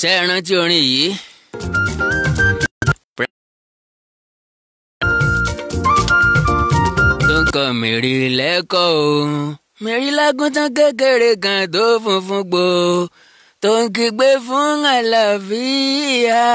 ṣe é rántí orin yìí. tó ń kọ mèrì lẹ́kọ̀ọ́ o mèrì lágúntàn kékeré kan tó funfun gbòò tó ń kígbe fún àlàáfíà.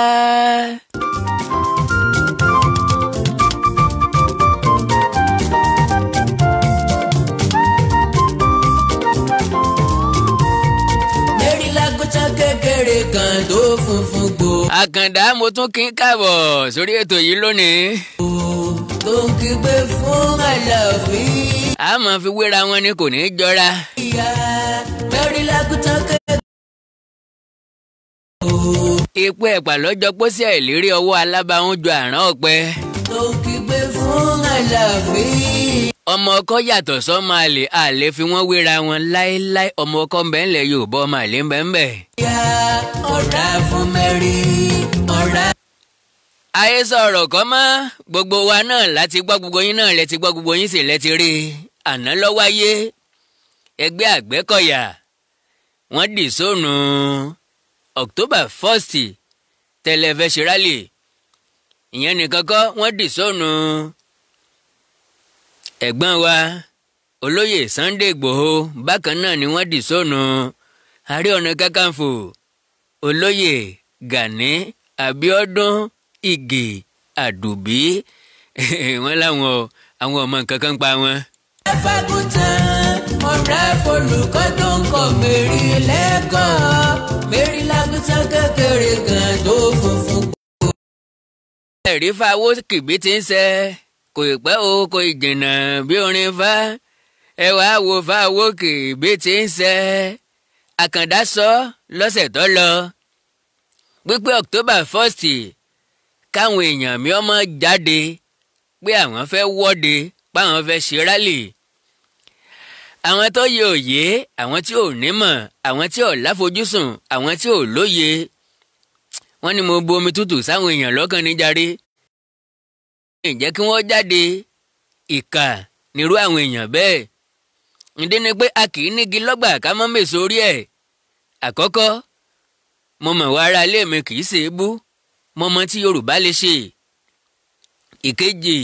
kan tó funfun gbò. àkàndá mo tún kí n káàbọ̀ sórí ètò yìí lónìí. tó ń kígbe fún àlàáfíà. a máa fi wéra wọn ni kò ní í jọra. ìyá mẹ́rin lágùtàn kékeré. epo ẹ̀pà lọ́jọ́ pósí àìlérí ọwọ́ alábàáhùn ju àrán ọ̀pẹ. tó ń kígbe fún àlàáfíà ọmọ ọkọ yàtọ̀ sọ́mọ àlè àlè fi wọ́n wéra wọn láéláé ọmọ ọkọ ńbẹ ńlẹ̀ Yorùbá ọmọ àlè ńbẹ ńbẹ. ìyá ọ̀rá fún mẹ́rí ọ̀rá. ayé sọ̀rọ̀ kọ́ mọ́ gbogbo wa náà láti gbọ́ gbogbo yín náà lẹ́ti gbọ́ gbogbo yín sì lẹ́ti rí i àná ló wáyé ẹgbẹ́ Àgbẹ̀kọ̀yà wọ́n dì sóònù October 1st tẹlẹfẹsirálì ìyẹn nìkan kọ́ wọ́n dì sóònù. So ẹ̀gbọ́n wa olóyè Sunday Igboho bákan náà ni wọ́n dì sóònù ààrẹ ọ̀nà kakanfò olóyè Gani Abiodun Ige Adubi wọ́n láwọn àwọn ọmọ nǹkan kan pa wọn. ẹ fagùntàn ọ̀rẹ́ folùkọ́ tó ń kọ́ mẹ́rin lẹ́kọ̀ọ́ mẹ́rin lágùntàn kékeré gan tó funfun. ẹ̀rí fawọ́ kìbí ti ń sẹ́ kò pẹ́ o kò jìnnà bí orin fá ẹ wàá wo fá wókè bí ti ń sẹ́ àkàndá sọ lọ́sẹ̀ tó lọ pípé October first káwọn èèyàn mi ọmọ jáde pé àwọn fẹ́ wọ́de páwọn fẹ́ ṣe rálì àwọn tó yẹ òye àwọn tí ò nímọ̀ àwọn tí ò láfojúsùn àwọn tí ò lóye wọ́n ní mo bu omi tútù sáwọn èèyàn lọ́kàn níjàre jẹ́ kí wọ́n jáde ìkà nírú àwọn èèyàn bẹ́ẹ̀ ǹdé ni pé a kì í nígi lọ́gbà ká mọ́ mèso orí ẹ̀ àkọ́kọ́ mo mọ̀ wá ara ilé mi kì í ṣe é bú mo mọ̀ tí Yorùbá lè ṣe ìkejì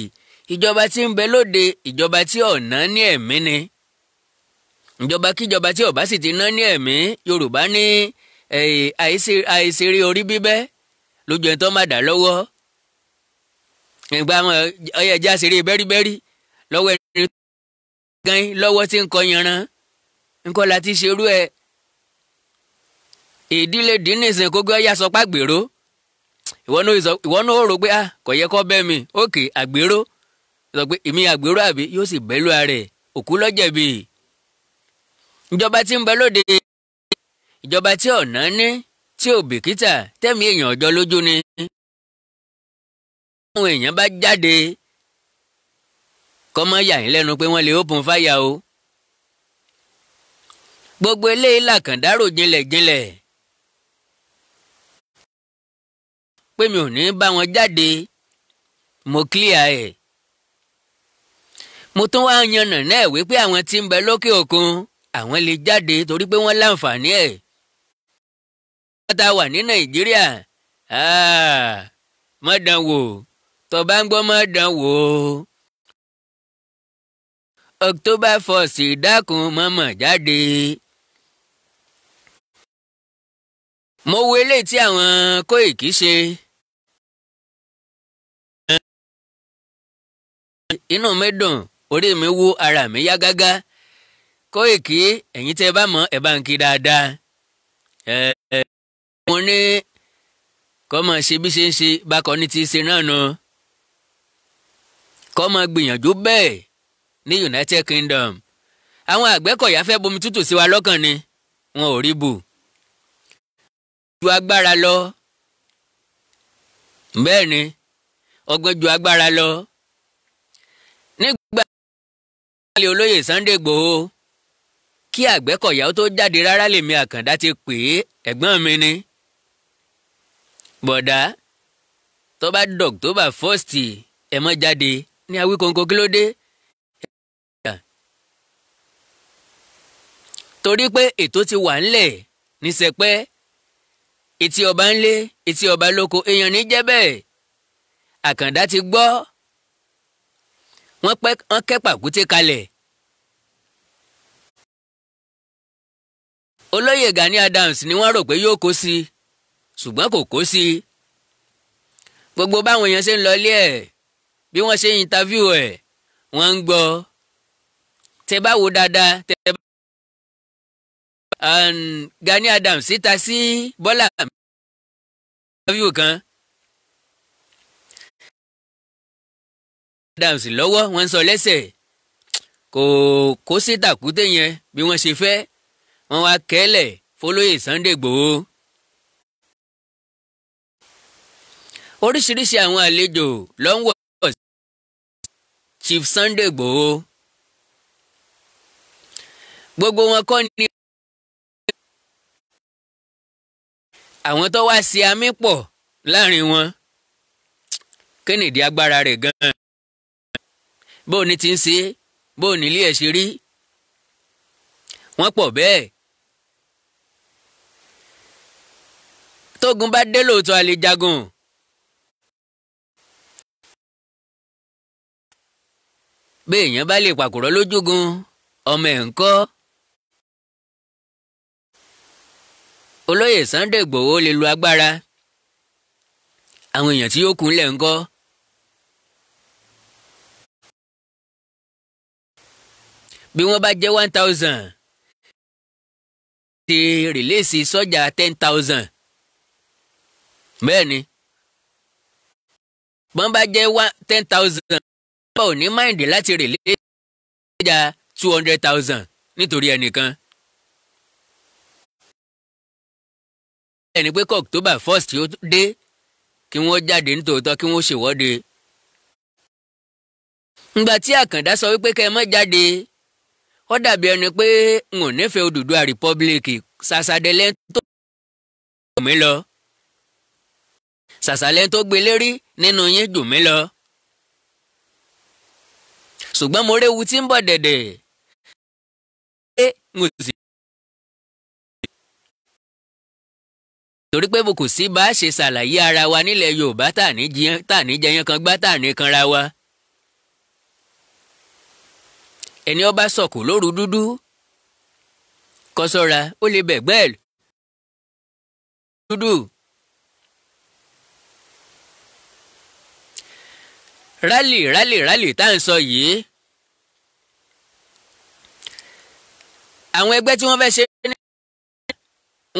ìjọba tí ń bẹ lóde ìjọba tí ọ̀nà ní ẹ̀mí ni ìjọba kíjọba tí ọba sì ti ná ní ẹ̀mí Yorùbá ní àìsèré orí bíbẹ́ lójú ẹ̀ tó má dá lọ́wọ́ ìgbà mọ ọyẹ ẹja ṣeré bẹ́rìbẹ́rì lọ́wọ́ ẹni gan lọ́wọ́ tí ń kọ yanran ńkọ́ la ti ṣerú ẹ ìdílé dínísìn kó gbé ọyà sọpá gbèrò ìwọ náà rò pé ah, kò yẹ kó bẹ́ mi òkè àgbèrò sọ pé èmi àgbèrò àbí yóò sì bẹ́ lù ààrẹ òkú lọ́jẹ̀bi ìjọba tí ń bẹ lóde ìjọba tí ọ̀nà ní tí ò tẹ̀mí èèyàn ọjọ́ lójú ni àwọn èèyàn bá jáde kọ́mọ́ yà yín lẹ́nu pé wọ́n lè open fire o gbogbo eléyìí làkàndárò jinlẹ̀jinlẹ̀ pé mi ò ní bá wọn jáde mo clear ẹ̀ mo tún wá yànnà náà wípé àwọn tí ń bẹ lókè òkun àwọn lè jáde torí pé wọ́n láǹfààní ẹ̀ wọ́n ta wà ní nàìjíríà mọ̀dàn wò tó bá ń gbọ́ mọ́ dán wò ó. October first dákun mọ́mọ́ jáde. mo wo eléyìí tí àwọn Kóìkì ṣe. inú mi dùn orí mi wú ara mi yá gágá Kóìkì ẹ̀yin tẹ́ ẹ bá mọ̀ ẹ bá ń kí dáadáa. mo ní kọ́ ṣe bí ṣe ń ṣe bákan ní ti ṣe náà nù. No. kọ́ máa gbìyànjú bẹ́ẹ̀ ní United Kingdom àwọn àgbẹ̀kọ̀yà fẹ́ bomi tútù sí wa lọ́kàn ni wọn ò rí bù ju agbára lọ bẹ́ẹ̀ ni ọgbọ́n ju agbára lọ nígbà ìpínlẹ̀ olóyè Sunday Igboho kí àgbẹ̀kọ̀yà ó tó jáde rárá lèmi àkàndá ti pè é ẹ̀gbọ́n mi ni bọ̀dá tó bá dọ̀gbọ́bà fọ́ọ̀sì ẹ̀ jáde ní Awíkóńkó kí ló dé. torí pé ètò ti wà ńlẹ̀ ní sẹpẹ́ etí ọba ńlé etí ọba lóko èèyàn ní jẹ́ Àkàndá ti gbọ́ wọ́n kẹ́ pàkúté kalẹ̀. olóyè Gani Adams ni wọ́n rò pé yóò kó sí ṣùgbọ́n kò kó sí gbogbo báwọn èèyàn ṣe ń lọ ilé ẹ̀ bí wọ́n ṣe interview ẹ̀ wọ́n ń gbọ́ tẹ bá wo dáadáa tẹ bá. Gani adam síta sí Bọ́lá interview kan Adams lọ́wọ́ wọ́n ń sọ lẹ́sẹ̀ kò kó sí tàkúté yẹn bí wọ́n ṣe fẹ́ wọ́n wá kẹ́lẹ̀ fọlóyè Sunday Igboho. oríṣiríṣi àwọn àlejò ló Chief Sunday Igboho gbogbo wọn kọ́ ni àwọn tó wá sí amí pọ̀ láàrin wọn Kennedy agbára rẹ̀ gan-an bó ní ti ń ṣe bó ní ilé ẹ̀ ṣe rí wọ́n pọ̀ bẹ́ẹ̀ tógun bá dé lóòótọ́ a jagun. béèyàn bá lè pàkúrọ̀ lójúgun ọmọ ẹ̀ ń kọ́. olóyè Sunday Igboho lè lo agbára àwọn èèyàn tí ó kúnlẹ̀ ń kọ́. bí wọ́n bá jẹ́ one thousand ti rìlẹ́sì sọ́jà ten thousand bẹ́ẹ̀ ni wọ́n bá jẹ́ ten thousand paul ní máìndì láti rè léjà two hundred thousand nítorí ẹnìkan. ẹni pé kọ́ october first ó dé kí wọ́n jáde nítòótọ́ kí wọ́n ṣèwọ́de. ngbà tí àkàndá sọ wípé kẹ́ ẹ má jáde ó dàbí ẹni pé n ò nífẹ̀ẹ́ Odùduwà republic sàṣàdẹ̀lẹ́ tó dùn mí lọ sàṣàlẹ́ tó gbé lérí nínú yín dùn mí lọ ṣùgbọ́n mo réwu tí ń bọ̀ dẹ̀dẹ̀ ṣé n ò sì. torí pé kò sí bá a ṣe ṣàlàyé ara wa nílẹ̀ Yorùbá tàníjẹyàn kan gbá tàní kanra wa. ẹni ọba sọkò lóru dúdú kọsọ́ra ó lè bẹ̀gbẹ́ ẹ̀ dúdú. rálì rálì rálì tá à ń sọ yìí àwọn ẹgbẹ́ tí wọ́n fẹ́ ṣe ní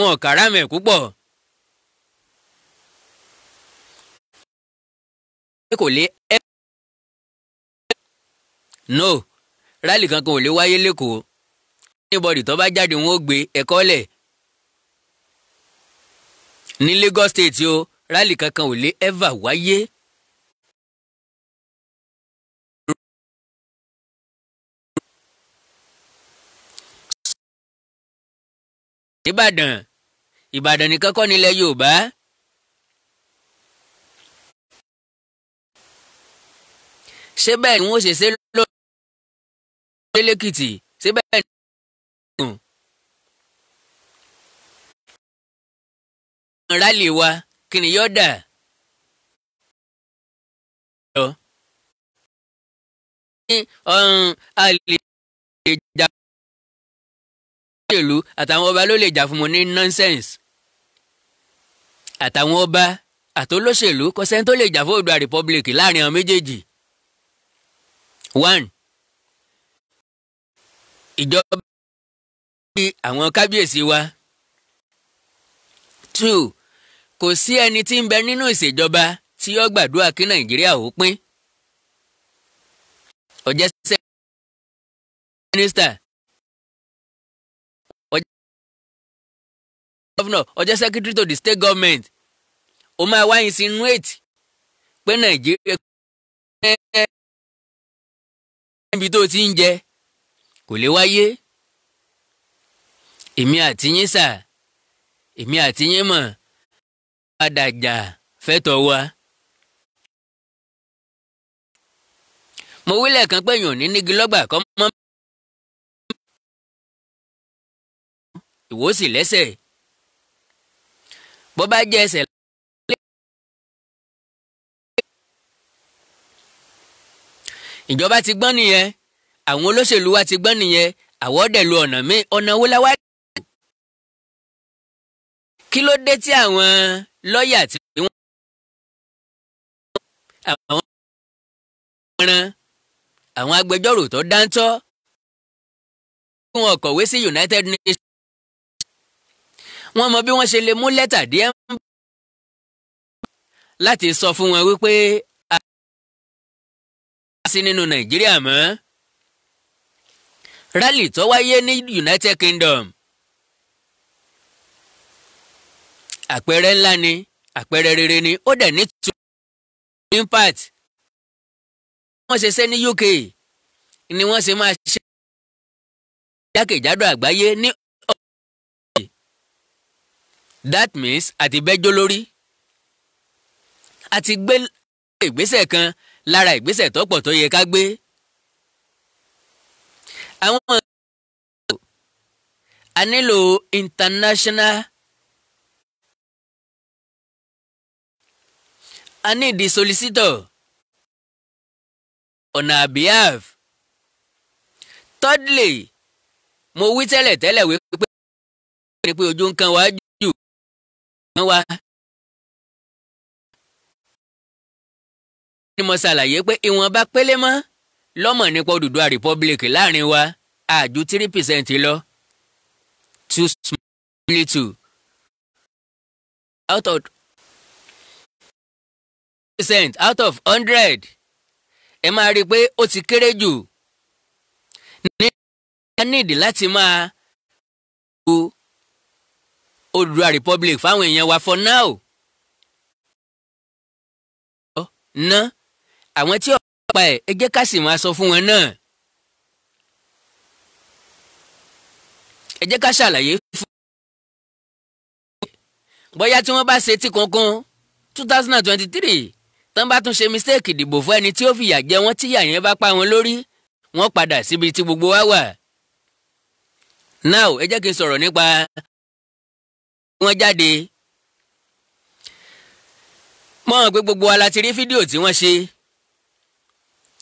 wọn kàrá mẹ́ púpọ̀ kò lè ẹ́ no rálì kankan ò lè wáyé lẹ́kọ̀ọ́ anybody tó bá jáde wọn ó gbé ẹ̀kọ́ lẹ̀ ní Lagos State o rálì kankan ò lè ever wáyé. ìbàdàn ìbàdàn nìkan kọ́ nílẹ̀ yorùbá. ṣé bẹ́ẹ̀ ni wọ́n ṣe ṣe lórí lẹ́kìtì ṣé bẹ́ẹ̀ ni wọ́n ṣe rálì wa kí ni yóò dà. ọ̀hún àlè òṣèlú àtàwọn ọba ló lè jà fún mo ní nonsense àtàwọn ọba àtolóṣèlú kò sẹ́ni tó lè jà fún Oòduà republic láàrin àwọn méjèèjì one ìjọba bí àwọn kábíyèsí wa two kò sí ẹni tí ń bẹ nínú ìṣèjọba tí yóò gbàdúrà kí Nàìjíríà ó pín ọ̀jẹ̀sẹ̀ mínísítà gọ́vnọ̀ ọjọ́ secretary to the state government ó máa wá insinuate pé nàìjíríà pé níbi tó ti ń jẹ kò lè wáyé èmi àti yín sà èmi àti yín mọ̀ padà jà fẹ́tọ̀ wa. mo wílẹ̀ kan pé yòó ní nígi lọ́gbà kọ́ mọ́ ìwọ lẹ́sẹ̀ bó bá jẹ́ ẹsẹ̀ lé. ìjọba ti gbọ́n nìyẹn àwọn olóṣèlú wa ti gbọ́n nìyẹn àwọn ọ̀dẹ̀ lu ọ̀nà míì ọ̀nà wo la wá. kí ló dé tí àwọn lọ́ọ̀yà tí wọ́n. àwọn ọ̀ràn àwọn agbẹjọ́rò tó dáńtọ́. wọ́n kọ̀wé sí United Nations wọ́n mọ bí wọ́n ṣe lè mú lẹ́tà díẹ̀ láti sọ fún wọn wípé a sí nínú nàìjíríà mọ́ rally tó wáyé ní United Kingdom àpẹẹrẹ ńlá ni àpẹẹrẹ rere ni ó dẹ̀ ní impact wọ́n ṣe ṣe ní UK ni wọ́n ṣe máa ṣe jákèjádò àgbáyé ní that means àti bẹ́jọ́ lórí àti gbé ìgbésẹ̀ kan lára ìgbésẹ̀ tó pọ̀ tó yẹ ká gbé. àwọn a nílò international a ní ìdí solicitor on our behalf thirdly mo wí tẹ́lẹ̀ tẹ́lẹ̀ wípé ojú ń kan wájú wá. ni mo ṣàlàyé pé ìwọ̀nba pélé mọ́ lọ́mọ̀ nípa Odùduwà Republic láàrin wa àjù three percent lọ two small two out of percent out of hundred ẹ máa rí i pé ó ti kéré jù ní a nídìí láti máa wo Odua republic fáwọn èèyàn wa for now. ná àwọn tí ọ̀rọ̀ pa ẹ̀ ẹ jẹ́ ká sì máa sọ fún wọn náà. ẹ jẹ́ ká ṣàlàyé fún bóyá tí wọ́n bá ṣe tí kankan two thousand and twenty-three tán bá tún ṣe mistake ìdìbò fún ẹni tí ó fìyà jẹ wọ́n tíyà yẹn bá pa wọn lórí wọ́n padà síbi tí gbogbo wa wà. now ẹ jẹ́ kí n sọ̀rọ̀ nípa wọ́n jáde mọ́ hàn pé gbogbo wa la ti rí fídíò tí wọ́n ṣe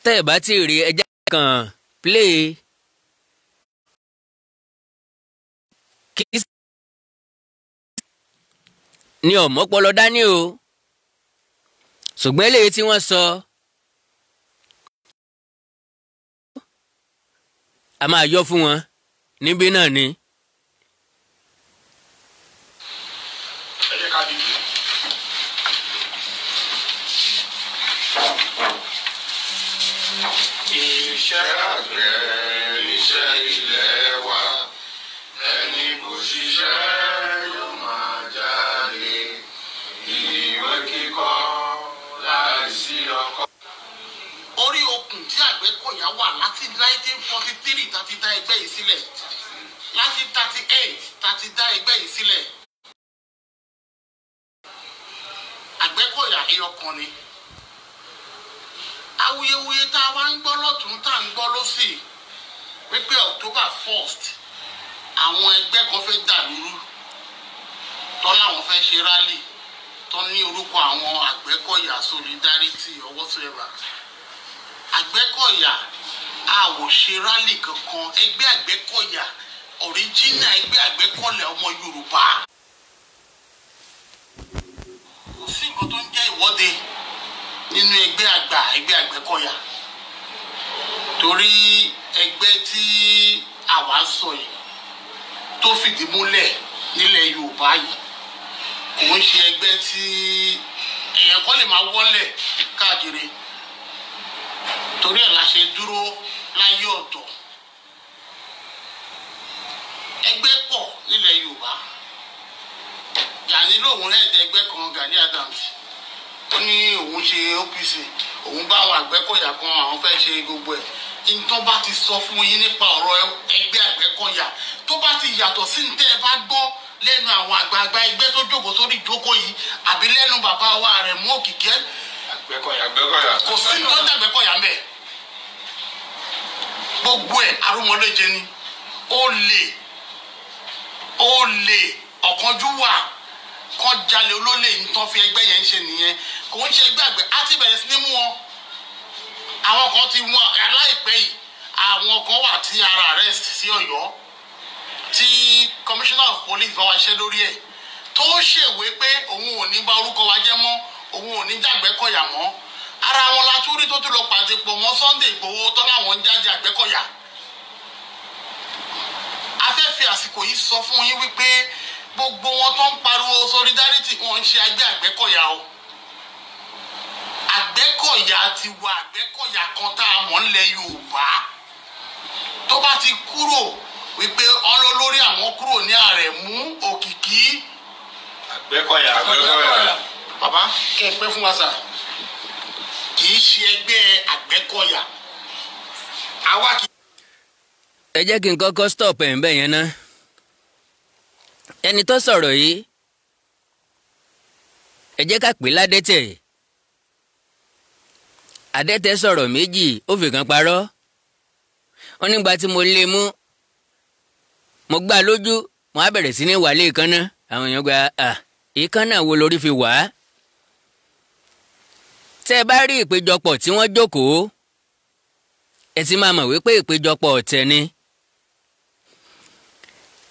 tẹ́ ẹ̀ bá ti rí ẹja kan play kì í ní ọ̀mọ́pọlọ dání o ṣùgbọ́n eléyìí tí wọ́n sọ a máa yọ fún wọn níbí náà ni. Binani. 1943, forty three tàti dá ẹgbẹ́ yìí sílẹ̀ láti thirty eight tàti dá ẹgbẹ́ yìí sílẹ̀ àgbẹ́kọ̀yà èèyàn kan ni awuyewuye tá a wá ń gbọ́ lọ́tún tá a ń gbọ́ lọ́sì wípé october first àwọn ẹgbẹ́ kan fẹ́ dàlúrú tọ́ làwọn fẹ́ ṣe rálì tọ́ ní orúkọ àwọn àgbẹ́kọ̀yà solidarity or whatever àgbẹ́kọ̀yà a ò ṣe rálì kankan ẹgbẹ́ àgbẹ̀kọ̀yà ọ̀ríjínà ẹgbẹ́ àgbẹ̀kọ̀lẹ̀ ọmọ Yorùbá. kò sí nǹkan tó ń jẹ́ ìwọ́de nínú ẹgbẹ́ àgbà ẹgbẹ́ àgbẹ̀kọ̀yà torí ẹgbẹ́ tí àwa sọ yìí tó fìdí múlẹ̀ nílẹ̀ Yorùbá yìí òun ṣe ẹgbẹ́ tí èèyàn lè máa wọ́lẹ̀ káàkiri torí ẹ̀ la ṣe dúró láyé ọ̀dọ̀ ẹgbẹ́ pọ̀ nílẹ̀ Yorùbá Gani lòun rẹ̀dẹ̀ ẹgbẹ́ kan Gani Adams ó ní òun ṣe OPC òun bá àwọn Àgbẹ̀kọ̀yà kan àwọn fẹ́ ṣe gbogbo ẹ̀ nǹkan bá ti sọ fún yín nípa ọ̀rọ̀ ẹgbẹ́ Àgbẹ̀kọ̀yà tó bá ti yàtọ̀ sí ní tẹ́ ẹ bá gbọ́ lẹ́nu àwọn àgbààgbà ẹgbẹ́ tó jókòó sórí ìjókòó yìí àbí lẹ́nu bàbá wa Àrẹ̀mú Òkìkẹ́ Àgbẹ̀kọ̀yà Àgbẹ̀kọ̀yà kò sí nǹkan dàgbẹ́kọ̀yà mẹ́ẹ̀ gbogbo ẹ̀ arúmọléje ni ó lè ó lè ọ̀kánjúwà kan jalè olólè nǹkan fi ẹgbẹ́ yẹn ń ṣe nìyẹn kò ń ṣe ẹgbẹ́ àgbẹ̀ á ti bẹ̀rẹ̀ sí ní mú wọn àwọn kan ti wọn aláìpẹ́ yìí àwọn kan wà tí ara arrest sí Ọ̀yọ́ tí commissioner of police bá wa ṣe lórí ẹ̀ tó ṣèwé pé òun ò ní bà orúkọ wa jẹ́ mọ́ òun ò ní jàgbẹ́kọ̀yà mọ́ ara wọn la tún rí tó tún lọ pàdé pọ̀ mọ́ Sunday Ìgbòho tó láwọn ń jáde Àgbẹ̀kọ̀yà a fẹ́ fi àsìkò yìí sọ fún yín wípé gbogbo wọn tó ń pariwo solidarity wọn ń ṣe ẹgbẹ́ Àgbẹ̀kọ̀yà o Àgbẹ̀kọ̀yà ti wà Àgbẹ̀kọ̀yà kan tá a mọ̀ nílẹ̀ Yorùbá tó bá ti kúrò wípé ọlọ́lórí àwọn kúrò ní ààrẹ mú òkìkí. Àgbẹ̀kọ̀yà Àgbẹ̀kọ̀yà. bàbá kẹ́ ẹ pẹ́ fún wa sà kì í ṣe ẹgbẹ́ Àgbẹ̀kọ̀yà ẹ jẹ́ kí n kọ́kọ́ stop ẹ̀ ń bẹ̀ yẹn ná ẹni tó sọ̀rọ̀ yìí ẹ jẹ́ ká pè ládẹ́tẹ̀ adẹ́tẹ̀ sọ̀rọ̀ méjì ó fi kan parọ́ ó nígbà tí mo lé e mú mo gbà lójú mo á bẹ̀rẹ̀ sí ní wàlé ìkànnà e àwọn èèyàn gba ìkànnà wo lórí fi wà tẹ́ ẹ bá rí ìpéjọpọ̀ tí wọ́n jókòó ẹ ti máa mọ̀ wípé ìpéjọpọ̀ ọ̀tẹ̀ ni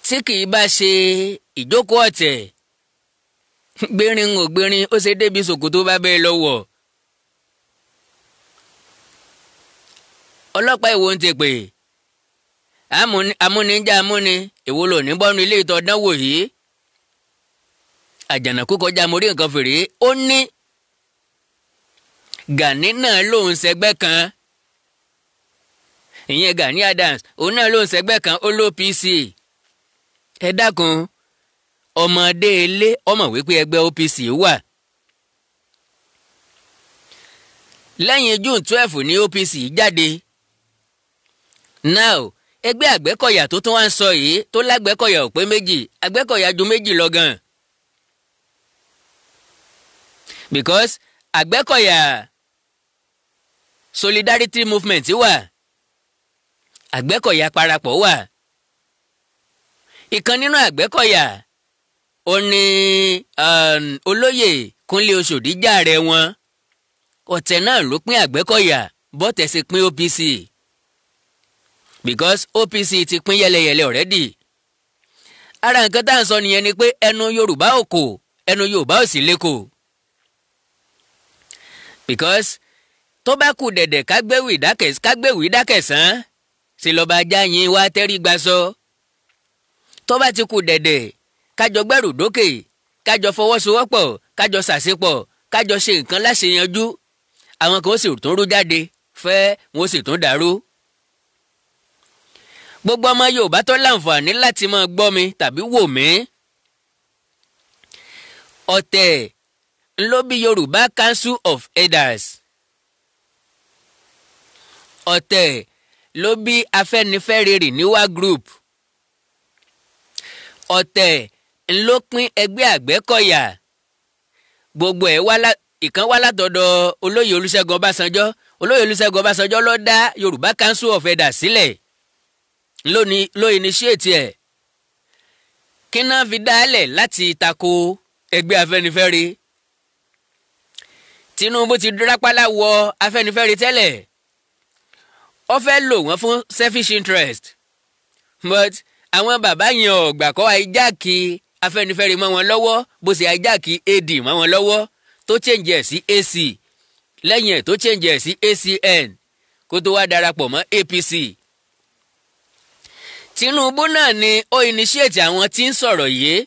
tí kìí bá ṣe ìjókòó ọ̀tẹ̀ gbérin ò gbérin ó ṣe débi ṣòkòtò bá bẹ́ẹ̀ lọ́wọ́ ọlọ́pàá ìwò ń ti pè amúnijá amúni ìwo lò ní bọ́nu ilé ìtọ́dánwò yìí àjànàkú kọjá mo nǹkan fèrè ó ní Gani náà lòun ṣẹgbẹ́ kan ìyẹn Gani Adams òun náà lòun ṣẹgbẹ́ kan ó ló OPC ẹ dákun ọmọdé ilé ọmọ wípé ẹgbẹ́ OPC wà lẹ́yìn June twelve ní OPC jáde now ẹgbẹ́ Àgbẹ̀kọ̀yà tó tún wá ń sọ yìí tó lágbẹ̀kọ̀yà ò pé méjì Àgbẹ̀kọ̀yà ju méjì lọ gan because Àgbẹ̀kọ̀yà. Solidarity Movement wà Àgbẹ̀kọ̀yà parapọ̀ wà ìkan nínú Àgbẹ̀kọ̀yà ó ní um, olóyè Kúnlé Oṣòdì jàre wọn ọ̀tẹ̀ náà ló pín Àgbẹ̀kọ̀yà bọ́tẹ̀ sì pín OPC because OPC ti pín yẹlẹyẹlẹ already ara nǹkan tá à ń sọ nìyẹn ni pé ẹnu Yorùbá ò ẹnu Yorùbá ò sì because tó bá kù dẹ̀dẹ̀ kágbéwì dákẹ̀sán sí lọ́ba ajá yín wá tẹ́rí gba sọ. tó bá ti kù dẹ̀dẹ̀ kájọ gbẹ́rù dókè kájọ fọwọ́sowọ́pọ̀ kájọ sàṣepọ̀ kájọ ṣe nǹkan láṣeyanjú àwọn kan ó sì tún rú jáde fẹ́ wọn ó sì tún dàrú. gbogbo ọmọ Yorùbá tó láǹfààní láti máa gbọ́ mi tàbí wò mí. ọ̀tẹ̀ ńlóbi Yorùbá Council of Elders ọ̀tẹ̀ ló bí afẹ́nifẹ́re Renewa Group ọ̀tẹ̀ ló pín ẹgbẹ́ àgbẹ̀kọ̀yà gbogbo ẹ̀ wá ìkan wá látọ̀dọ̀ olóyè Olúṣẹ́gun Ọbásanjọ́ olóyè Olúṣẹ́gun Ọbásanjọ́ ló dá Yorùbá Council of Elders sílẹ̀ ló initiate ẹ̀ kí náà fi dálẹ̀ láti tako ẹgbẹ́ afẹ́nifẹ́re Tinubu ti dúrápálá wọ afẹ́nifẹ́re tẹ́lẹ̀ ó fẹ́ lò wọ́n fún selfish interest but àwọn bàbá yẹn ọ̀gbà kọ́ àìjáàkì afẹ́nifẹ́re mọ́ wọn lọ́wọ́ bó ṣe àìjáàkì ad mọ́ wọn lọ́wọ́ tó change ẹ̀ sí ac lẹ́yìn ẹ̀ tó change ẹ̀ sí acn kó tó wá darapọ̀ mọ́ apc. tinubu náà ni ó initiate àwọn tí ń sọ̀rọ̀ yìí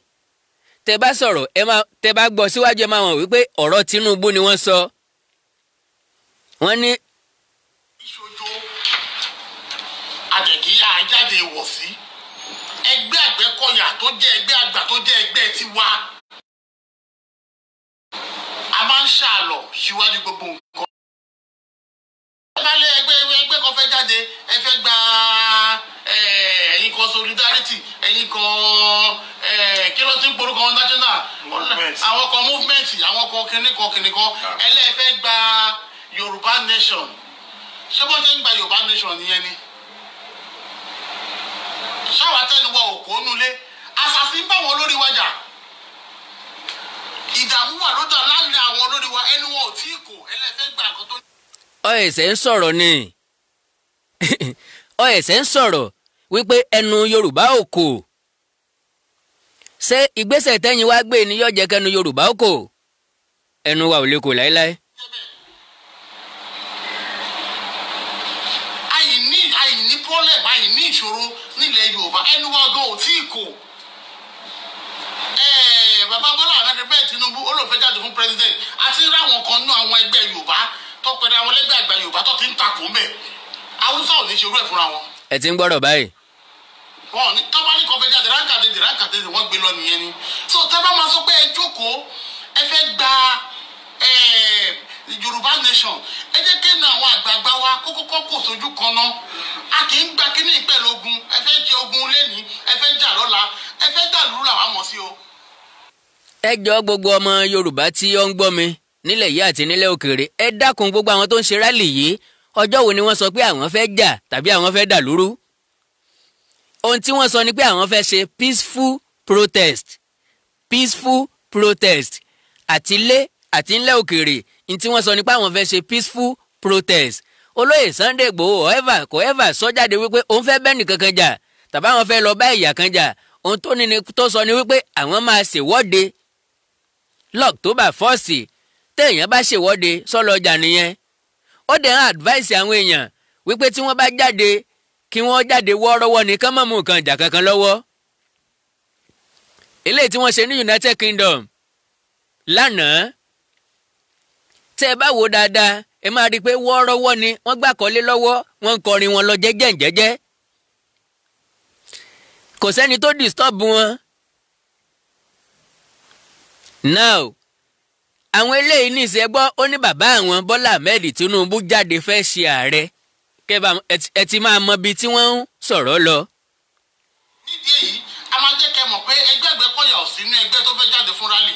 tẹ bá sọ̀rọ̀ ẹ máa tẹ bá gbọ́ síwájú ẹ máa wọ̀n wípé ọ̀rọ̀ tinubu ni wọ́n sọ. wọ́n ní àjẹ̀kí àjáde wọ̀ sí ẹgbẹ́ àgbẹ̀kọ̀yà tó jẹ́ ẹgbẹ́ àgbà tó jẹ́ ẹgbẹ́ tiwa a máa ń ṣàlọ̀ síwájú gbogbo nǹkan. ọ̀bálẹ̀ ẹgbẹ́ ẹgbẹ́ kan fẹ́ jáde ẹ fẹ́ gba ẹ̀yin kan solidarity ẹ̀yin kan kí ló ti ń porúkọ national àwọn kan movement àwọn kan kìnnìkan kìnnìkan ah. ẹlẹ́ẹ̀fẹ́ gba Yorùbá nation ṣé bó ṣe ń gba Yorùbá nation nìyẹn ni. ṣáwa tẹnuwọ òkú onúlé àṣàfi ń bá wọn lórí wájà ìdààmú wà lọ́dọ̀ láàrin àwọn olórí wa ẹnu wọn ò tí ì kò ẹlẹ́fẹ́ gbà kan tó. ọ ń sọ̀rọ̀ ni ọ ń sọ̀rọ̀ wípé ẹnu Yorùbá ò kò ṣé ìgbésẹ̀ tẹ́yìn wá gbé ni yóò jẹ́ kẹ́nu Yorùbá ò kò ẹnu wa ò lè kò láéláé. Àyìn ní pọ́lẹ̀ ní ìṣòro nílẹ̀ yorùbá ẹnu wa gan ò tí ì kò bàbá bọ́lá àrẹ bẹ́ẹ̀ tinubu olóòfẹ́ jáde fún president àti ráwọn kan nú àwọn ẹgbẹ́ yorùbá tó pẹ̀lú àwọn ẹlẹ́gbẹ́ àgbà yorùbá tó ti ń takò mẹ́ haúsá ò ní ṣerú ẹ̀ fúnra wọn. ẹ ti ń gbọ́dọ̀ báyìí. wọn ní tọ́ba ní kọfẹ́ jáde ránkàdé dè ránkàdé dè wọ́n gbé lọ nìyẹn ni so tẹ́bá máa sọ pé ẹ jókòó ẹ fẹ́ gba yorùbá nation ẹ jẹ́ kéènà àwọn àgbààgbà wa kókó kókó sójú kan náà a kì í gba kíní pẹ̀lú ogun ẹ fẹ́ jẹ ogun lẹ́ni ẹ fẹ́ jà lọ́la ẹ fẹ́ dàlúrú làwọn mọ̀ sí o. ẹ jọ gbogbo ọmọ Yorùbá tí ó ń gbọ́ mi nílẹ̀ yìí àti nílẹ̀ òkèèrè ẹ dákun gbogbo àwọn tó ń ṣe rálì yìí ọjọ́ wo ni wọ́n sọ pé àwọn fẹ́ jà tàbí àwọn fẹ́ dàlúrú ohun tí wọ́n sọ ni pé àwọn fẹ́ ṣe peaceful protest peaceful protest àti ilé àti nílẹ̀ òkèèrè ní tí wọ́n sọ ni pé àwọn fẹ́ ṣe peaceful protest olóyè Sunday Igboho ọ̀ẹ́fà kò ẹ̀fà sọ jáde wípé òun fẹ́ bẹ́ẹ̀ nìkankan jà tàbá àwọn fẹ́ lọ bá ìyà kan jà ohun tó ní tó sọ ni wípé àwọn máa ṣèwọ́de lọ́ọ̀tọ́bà fọ́ọ̀sì téèyàn bá ṣèwọ́de sọ́lọ́jà nìyẹn ó dẹ̀ ń advice àwọn èèyàn wípé tí wọ́n bá jáde kí wọ́n jáde wọ́ọ́rọ́wọ́ ni kán má mú nǹkan ìjà kankan lọ́wọ́ eléyìí tí wọ́n ṣe ní United Kingdom lánàá tẹ́ ẹ bá wò dáadáa ẹ máa rí i pé wọ́ọ́rọ́wọ́ ni wọ́n gbà kọ́lé lọ́wọ́ wọ́n ń kọrin wọn lọ jẹ́jẹ́ jẹ́jẹ́ kò sẹ́ni tó disturb wọn. now àwọn eléyìí ní ìṣẹ́gbọ́ ó ní bàbá àwọn Bọ́lá Ahmed Tinubu jáde fẹ́ ṣe ààrẹ kẹ́bà ẹ ti máa mọ ibi tí wọ́n ń sọ̀rọ̀ lọ. nídìí èyí a máa jẹ́ kẹ́ mọ̀ pé ẹgbẹ́ Àgbẹ̀kọ̀yà ò sínú ẹgbẹ́ tó fẹ́ jáde fún rálì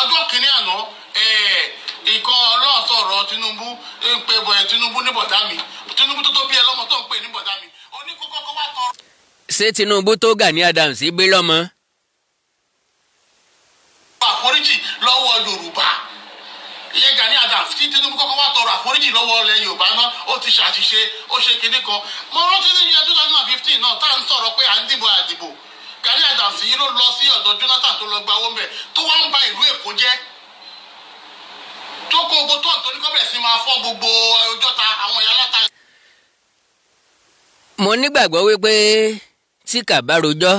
ọjọ́ kìnínní àná Eh, ikọ̀ ọlọ́sọ̀rọ̀ Tinubu ń pe Tinubu ní bọ̀dá mi Tinubu tó tó bí ẹ lọ́mọ tó ń pè ní bọ̀dá mi ó ní kókó kó wá tọrọ. ṣé Tinubu tó Gani Adams gbé lọ́mọ. àforíjì lọ́wọ́ Yorùbá iye Gani Adams kí Tinubu kọ́kọ́ wá tọrọ àforíjì lọ́wọ́ ilẹ̀ Yorùbá náà ó ti ṣàṣìṣe ó ṣe kinní kan mo rántí ní yíya two thousand and fifteen náà tá à ń sọ̀rọ̀ pé à ń dìbò àdìbò Gani Adams yìí ló lọ sí ọ̀dọ̀ Jonathan tó lọ gba owó mẹ́ tó wá ń ba ìlú Èkó jẹ́ jókòó ogo tó ọ̀tọ́ ní kọ́bẹ̀rẹ̀ sí máa fọ́ gbogbo ọjọ́ ta àwọn ìyá láta. mo nígbàgbọ́ wípé tí kà bá rojọ́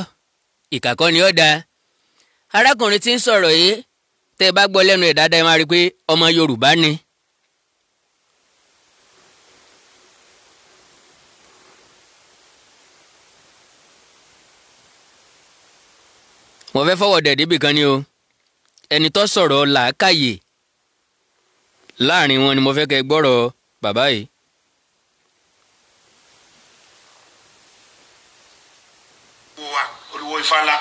ìkà ni ó dáa arákùnrin tí ń sọ̀rọ̀ yìí tẹ́ ẹ bá gbọ́ lẹ́nu ẹ̀ dáadáa máa rí i pé ọmọ Yorùbá ni. wọ́n fẹ́ fọwọ́ dẹ̀ débì kan ni o ẹni tó sọ̀rọ̀ làákàyè láàrin wọn ni mo fẹ́ kẹ́ gbọ́rọ̀ bàbá yìí. wo wa olùwọ ìfàlà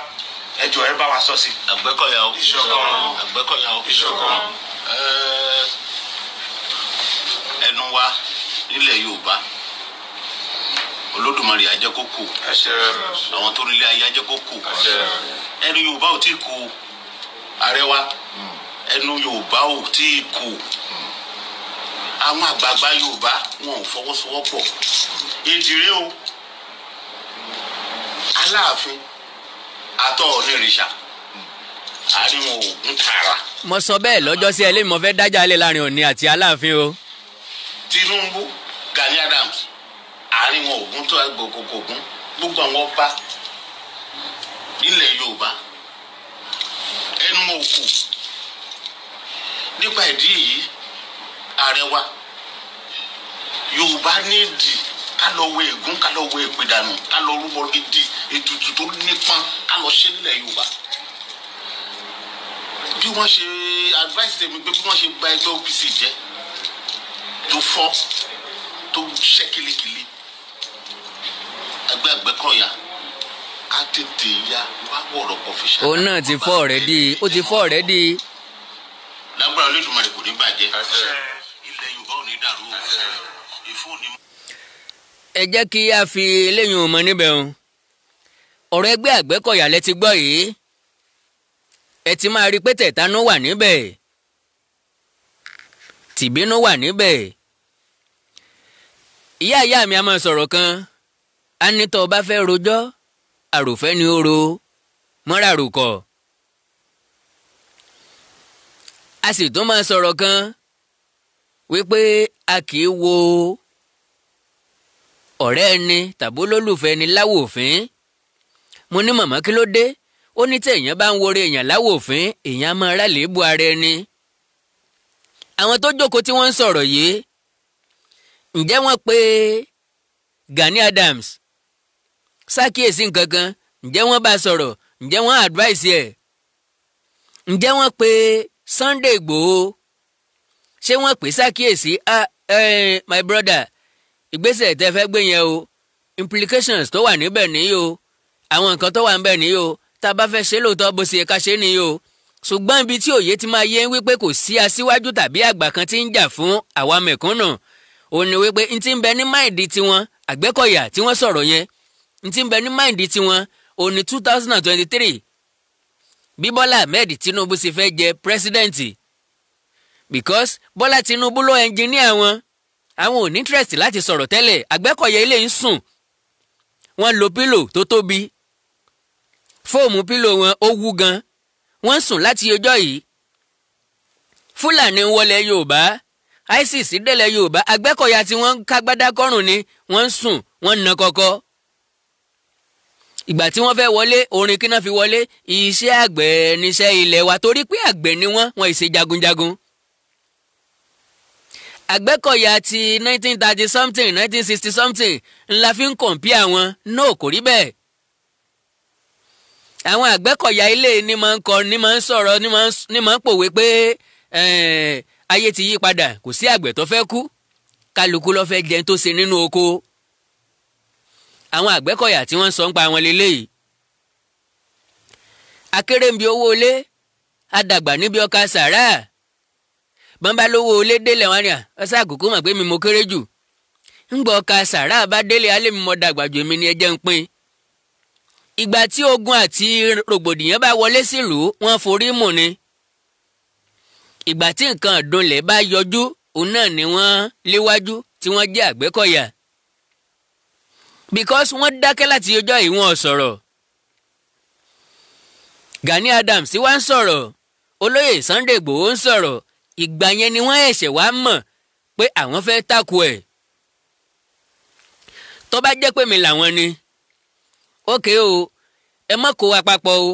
ẹjọ ẹ bá wa sọ sí. àgbẹ̀kọ̀yà o àgbẹ̀kọ̀yà o ẹnu wa nílẹ̀ Yorùbá Olódùmarè ajẹ́kókò àwọn tó nílé ayé ajẹ́kókò ẹnu Yorùbá ò tí ì kú àrẹwà. Mm ẹnu yorùbá ò tí ì kù àwọn àgbààgbà yorùbá wọn ò fọwọ́sowọ́pọ̀ èdìrí o aláàfin àtọ̀ onírìṣà àárín òògùn tààrà. mo sọ bẹ́ẹ̀ lọ́jọ́ sí ẹlẹ́yìn mo fẹ́ dájà lé láàrin òní àti aláàfin o. tinubu gani adams àárín wọn òògùn tó gbogbogbògùn gbogbo àwọn ọba ilẹ̀ yorùbá ẹnu òkú nípa ìdí èyí ààrẹ wa yorùbá nídìí ká lọ wẹ ègún ká lọ wẹ ìpèdànù ká lọ rúbọ gidi ètùtù tó nípọn ká lọ ṣe nílẹ̀ yorùbá bí wọ́n ṣe advice tèmi pé bí wọ́n ṣe bà ẹgbẹ́ OPC jẹ́ tó fọ́ tó ṣẹ́ kirikiri ẹgbẹ́ Àgbẹ̀kọ̀yà á tètè ya wá wọ̀rọ̀ kọfíṣà. òun náà ti fọ́ ọ̀rẹ́dì ó ti fọ́ ọ̀rẹ́dì lágbára Olódùmarè kò ní bàjẹ́ ilẹ̀ Yorùbá ò ní dàrú ìfún òní. ẹ jẹ́ kí a fi eléyìí ò mọ níbẹ̀ o ọ̀rọ̀ ẹgbẹ́ Àgbẹ̀kọ̀yà lẹ ti gbọ́ yìí ẹ ti máa rí pé tẹ̀tánú wà níbẹ̀ tìbínú wà níbẹ̀ ìyá ìyá mi a máa sọ̀rọ̀ kan a ní bá fẹ́ rojọ́ àròfẹ́ ni ó ro mọ́ra kọ̀ a sì tún máa sọ̀rọ̀ kan wípé a kì í wo ọ̀rẹ́ ẹni tàbí olólùfẹ́ ẹni láwòfín mo ní màmá kí ló dé ó ní tí èèyàn bá ń wọre èèyàn láwòfín èèyàn á máa rálẹ̀ bu ara ẹni àwọn tó jókòó tí wọ́n ń sọ̀rọ̀ yìí ǹjẹ́ wọ́n pe Gani Adams ṣàkíyèsí nǹkan kan ǹjẹ́ wọ́n bá sọ̀rọ̀ ǹjẹ́ wọ́n advice ẹ̀ ǹjẹ́ wọ́n pe Sunday Igboho ṣé wọ́n pè ṣàkíyèsí ah, eh, my brother ìgbésẹ̀ tẹ́ fẹ́ gbé yẹn o implications tó wà níbẹ̀ nìyí o àwọn nǹkan tó wà níbẹ̀ nìyí o tá a bá fẹ́ ṣe lóòótọ́ bó ṣe ká ṣe nìyí o ṣùgbọ́n ibi tí òye ti máa yé ń wípé kò sí aṣíwájú tàbí àgbà kan tí ń jà fún àwa mẹ̀kúnnù òun ni wípé n ti ń bẹ ní máìndì tiwọn àgbẹ́kọ̀yà tí wọ́n sọ̀rọ̀ yẹn n ti ń bẹ ní máìndì tiwọn òun ni two thousand and twenty-three bí Bọ́lá Ahmed Tinubu ṣe fẹ́ jẹ pírẹsidẹ́ǹtì because Bọ́lá Tinubu ló ẹnjìníà wọn àwọn ò ní interest láti sọ̀rọ̀ tẹ́lẹ̀ Àgbẹ̀kọ̀yẹ ilé ń sùn wọ́n lo pílò tó tóbi fóòmù pílò wọn ó wú gan wọ́n sùn láti ọjọ́ yìí Fúlàní ń wọlé Yorùbá ISIS délẹ̀ Yorùbá Àgbẹ̀kọ̀yà tí wọ́n ń kágbádá kọ́rùn ni wọ́n ń sùn wọ́n ń na kọ́kọ́ ìgbà tí wọ́n fẹ́ wọlé orin kí náà fi wọlé iṣẹ́ àgbẹ̀ níṣẹ́ ilẹ̀ wa torí pé àgbẹ̀ ni wọ́n wọ́n ìṣe jagunjagun. àgbẹ̀kọ̀yà ti nineteen thirty something nineteen sixty something ńlá fi ń kọ̀ǹpìà wọn náà kò rí bẹ́ẹ̀. àwọn àgbẹ̀kọ̀yà ilé ni máa ń kọ ni máa ń sọ̀rọ̀ ni máa ń pòwe pé eh, ayé ti yí padà kò sí àgbẹ̀ tó fẹ́ kú kálukú ló fẹ́ jẹun tó ṣe nínú oko àwọn àgbẹ̀kọ̀yà tí wọ́n sọ ń pa àwọn leléyìí. akéré ń bi owó ilé adàgbà níbi ọkà sàrà bọ́n bá lówó ilé délẹ̀ wọn ni à ọ̀sẹ̀ àkókò mọ̀ pé mi mo kéré jù ń gbọ́ ọkà sàrà bá délé alẹ́ mi mo dàgbà jù mí ni ẹjẹ́ ń pín. ìgbà tí ogun àti rògbòdìyàn bá wọlé sílùú wọ́n forí mù ni ìgbà tí nǹkan ìdúnlẹ̀ bá yọjú òun náà ni wọ́n léwájú tí wọ́n jẹ́ àgbẹ̀kọ̀yà because wọ́n dákẹ́ láti ọjọ́ yìí wọn ò sọ̀rọ̀ Gani Adams wá ń sọ̀rọ̀ olóyè Sunday Igboho ń sọ̀rọ̀ ìgbà yẹn ni wọ́n ẹ̀ṣẹ̀ wá mọ̀ pé àwọn fẹ́ takò ẹ̀ tó bá jẹ́ pé mi làwọn ni ókè o ẹ mọ́ kó wa papọ̀ o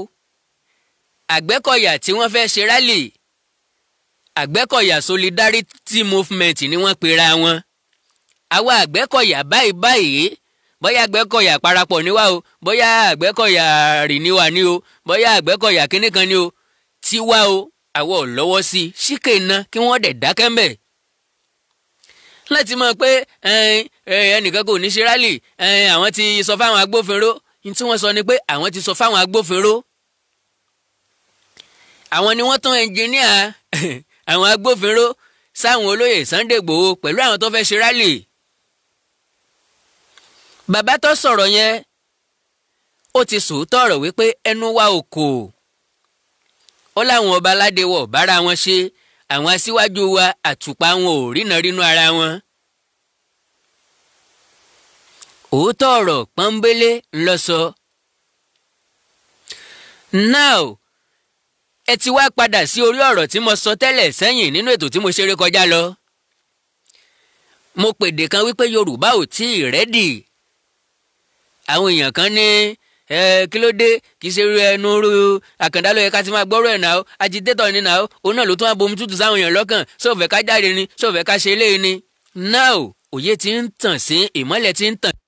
Àgbẹ̀kọ̀yà tí wọ́n fẹ́ ṣe rálì Àgbẹ̀kọ̀yà Solidarity Movement ni wọ́n pera wọn àwa Àgbẹ̀kọ̀yà báyìí báyìí bóyá àgbẹ̀kọ̀yà parapọ̀ níwá o bóyá àgbẹ̀kọ̀yà rìníwá ni o bóyá àgbẹ̀kọ̀yà kínníkan ni o tiwa o àwọ̀ lọ́wọ́ sí i ṣíkè iná kí wọ́n dẹ̀ dákẹ́ mbẹ̀ láti mọ̀ pé ẹnìkan kò ní ṣe rálì àwọn ti sọ fáwọn agbófinró ní tí wọ́n sọ ni pé àwọn ti sọ fáwọn agbófinró àwọn ni wọ́n tán ẹnjìníà àwọn agbófinró sáwọn olóyè Sunday Igboho pẹ̀lú àwọn tó fẹ́ ṣe rálì bàbá tó sọ̀rọ̀ yẹn ó ti sòótọ́ ọ̀rọ̀ wípé ẹnu wa ò kò ó láwọn ọba aládé bára wọn ṣe àwọn aṣíwájú wa àtùpà wọn ò rína rínú ara wọn. òótọ́ ọ̀rọ̀ pọ́nbélé ńlọ sọ. now ẹ ti wá padà sí orí ọ̀rọ̀ tí mo sọ tẹ́lẹ̀ sẹ́yìn nínú ètò tí mo ṣeré kọjá lọ. mo pèdè kan wípé yorùbá ò tí ì rẹ́dì àwọn èèyàn kan ní kí ló dé kì í ṣe irú ẹnu rú àkàndá ló yẹ ká ti máa gbọ́rọ̀ ẹ̀ náà ó ni náà ó òun náà ló tún wá bomi tútù sáwọn èèyàn lọ́kàn sóòfẹ́ ká jáde ni sóòfẹ́ ká ṣe eléyìí ni. now òye ti ń tàn sí ìmọ́lẹ̀ ti ń tàn